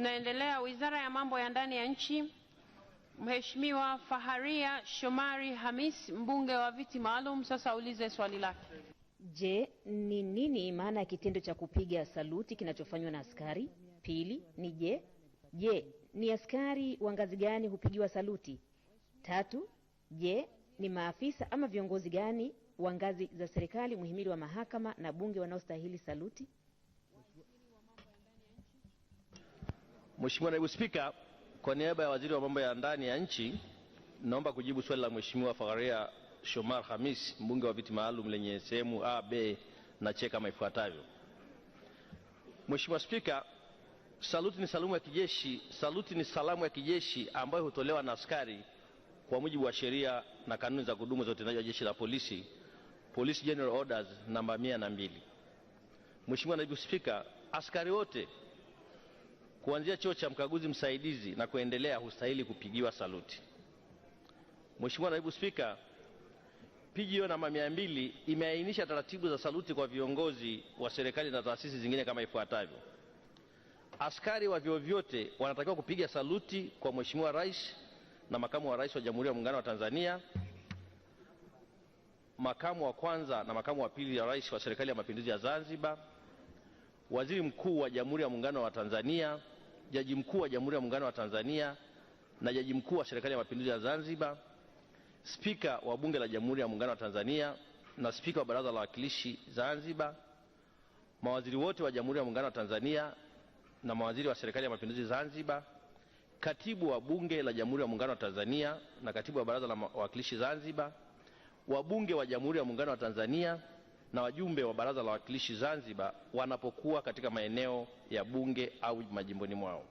Tunaendelea. Wizara ya Mambo ya Ndani ya Nchi, Mheshimiwa Faharia Shomari Hamis, mbunge wa viti maalum, sasa aulize swali lake. Je, ni nini maana ya kitendo cha kupiga saluti kinachofanywa na askari? Pili ni je, je ni askari wa ngazi gani hupigiwa saluti? Tatu, je ni maafisa ama viongozi gani wa ngazi za serikali, muhimili wa mahakama na bunge wanaostahili saluti? Mheshimiwa Naibu Spika, kwa niaba ya Waziri wa Mambo ya Ndani ya Nchi, naomba kujibu swali la Mheshimiwa Fagharia Shomar Hamis, mbunge wa viti maalum lenye sehemu A, B na C kama ifuatavyo. Mheshimiwa Spika, saluti ni salamu ya kijeshi, saluti ni salamu ya kijeshi ambayo hutolewa na askari kwa mujibu wa sheria na kanuni za kudumu za utendaji wa jeshi la polisi, Police General Orders namba mia na mbili. Mheshimiwa Naibu Spika, askari wote kuanzia cheo cha mkaguzi msaidizi na kuendelea hustahili kupigiwa saluti. Mheshimiwa Naibu Spika, PGO namba mia mbili imeainisha taratibu za saluti kwa viongozi wa serikali na taasisi zingine kama ifuatavyo. Askari wa vyuo vyote wanatakiwa kupiga saluti kwa Mheshimiwa Rais na Makamu wa Rais wa Jamhuri ya Muungano wa Tanzania, Makamu wa kwanza na Makamu wa pili wa Rais wa Serikali ya Mapinduzi ya Zanzibar, Waziri Mkuu wa Jamhuri ya Muungano wa Tanzania, jaji mkuu wa Jamhuri ya Muungano wa Tanzania na jaji mkuu wa Serikali ya Mapinduzi ya Zanzibar, spika wa Bunge la Jamhuri ya Muungano wa Tanzania na spika wa Baraza la Wawakilishi Zanzibar, mawaziri wote wa Jamhuri ya Muungano wa Tanzania na mawaziri wa Serikali ya Mapinduzi Zanzibar, katibu wa Bunge la Jamhuri ya Muungano wa Tanzania na katibu wa Baraza la Wawakilishi Zanzibar, wabunge wa Jamhuri ya Muungano wa Tanzania na wajumbe wa Baraza la Wawakilishi Zanzibar wanapokuwa katika maeneo ya bunge au majimboni mwao.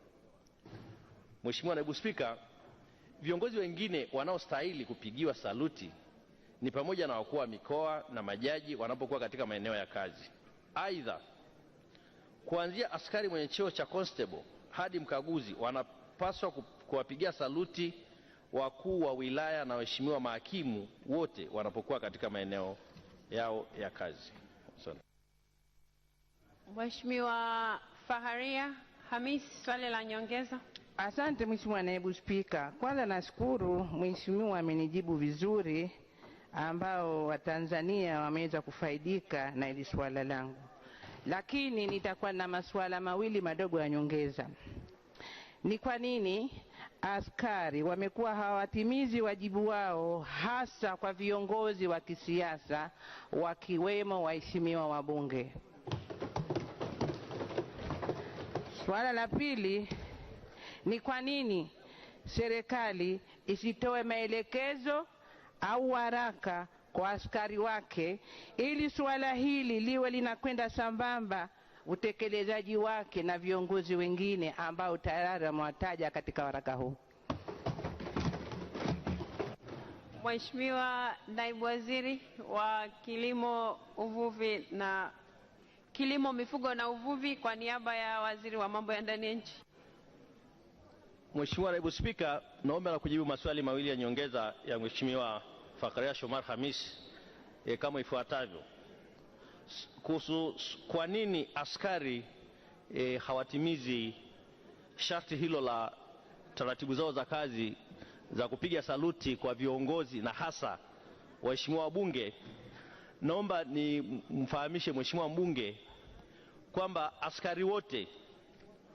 Mheshimiwa Naibu Spika, viongozi wengine wanaostahili kupigiwa saluti ni pamoja na wakuu wa mikoa na majaji wanapokuwa katika maeneo ya kazi. Aidha, kuanzia askari mwenye cheo cha constable hadi mkaguzi wanapaswa kuwapigia saluti wakuu wa wilaya na waheshimiwa mahakimu wote wanapokuwa katika maeneo yao ya kazi. Asante. Mheshimiwa Faharia Hamis, swali la nyongeza. Asante Mheshimiwa Naibu Spika, kwanza nashukuru Mheshimiwa amenijibu vizuri, ambao Watanzania wameweza kufaidika na ili swala langu, lakini nitakuwa na masuala mawili madogo ya nyongeza. Ni kwa nini askari wamekuwa hawatimizi wajibu wao, hasa kwa viongozi wa kisiasa wakiwemo waheshimiwa wabunge. Suala la pili ni kwa nini serikali isitoe maelekezo au waraka kwa askari wake ili suala hili liwe linakwenda sambamba utekelezaji wake na viongozi wengine ambao tayari amewataja katika waraka huu. Mheshimiwa Naibu Waziri wa Kilimo, Uvuvi na Kilimo, Mifugo na Uvuvi kwa niaba ya Waziri wa Mambo ya Ndani ya Nchi. Mheshimiwa Naibu Spika, naomba na kujibu maswali mawili ya nyongeza ya Mheshimiwa Fakaria Shomar Hamis e, kama ifuatavyo kuhusu kwa nini askari e, hawatimizi sharti hilo la taratibu zao za kazi za kupiga saluti kwa viongozi na hasa waheshimiwa wabunge, naomba nimfahamishe mheshimiwa mbunge kwamba askari wote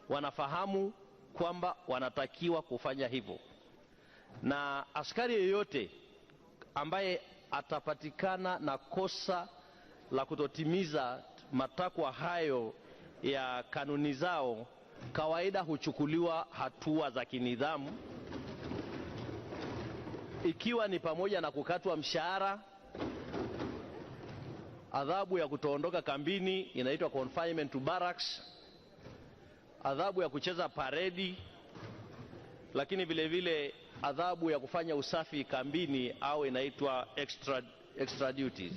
wanafahamu kwamba wanatakiwa kufanya hivyo, na askari yeyote ambaye atapatikana na kosa la kutotimiza matakwa hayo ya kanuni zao, kawaida huchukuliwa hatua za kinidhamu, ikiwa ni pamoja na kukatwa mshahara, adhabu ya kutoondoka kambini inaitwa confinement to barracks, adhabu ya kucheza paredi, lakini vile vile adhabu ya kufanya usafi kambini au inaitwa extra, extra duties.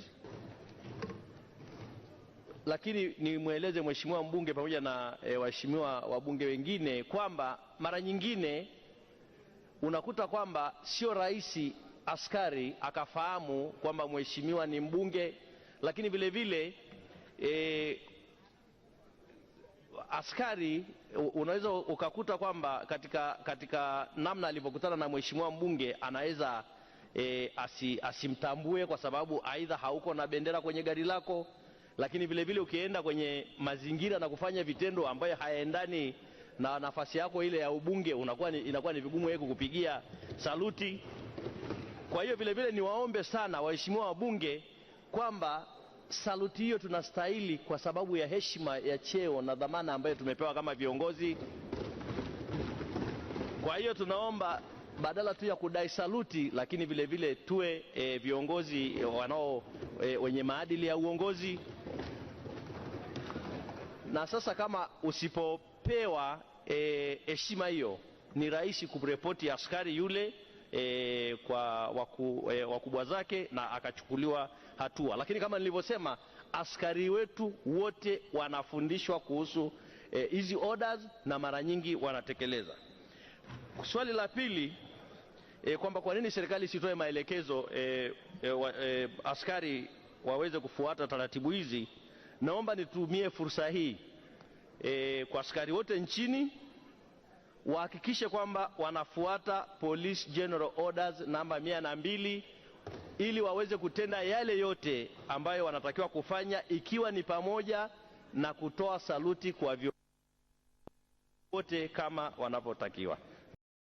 Lakini nimweleze mheshimiwa mbunge pamoja na e, waheshimiwa wabunge wengine kwamba mara nyingine unakuta kwamba sio rahisi askari akafahamu kwamba mheshimiwa ni mbunge, lakini vile vile e, askari unaweza ukakuta kwamba katika, katika namna alivyokutana na mheshimiwa mbunge anaweza e, asimtambue asi kwa sababu aidha hauko na bendera kwenye gari lako lakini vilevile ukienda kwenye mazingira na kufanya vitendo ambayo hayaendani na nafasi yako ile ya ubunge unakuwa ni, inakuwa ni vigumu yeye kukupigia saluti. Kwa hiyo vilevile niwaombe sana waheshimiwa wabunge kwamba saluti hiyo tunastahili kwa sababu ya heshima ya cheo na dhamana ambayo tumepewa kama viongozi. Kwa hiyo tunaomba badala tu ya kudai saluti, lakini vilevile vile tuwe e, viongozi wanao e, wenye maadili ya uongozi na sasa kama usipopewa e, heshima e, hiyo ni rahisi kuripoti askari yule e, kwa waku, e, wakubwa zake na akachukuliwa hatua. Lakini kama nilivyosema, askari wetu wote wanafundishwa kuhusu e, hizi e, orders na mara nyingi wanatekeleza. Swali la pili e, kwamba kwa nini serikali isitoe maelekezo e, e, wa, e, askari waweze kufuata taratibu hizi. Naomba nitumie fursa hii e, kwa askari wote nchini wahakikishe kwamba wanafuata Police General Orders namba mia na mbili ili waweze kutenda yale yote ambayo wanatakiwa kufanya ikiwa ni pamoja na kutoa saluti kwa viongozi wote kama wanavyotakiwa.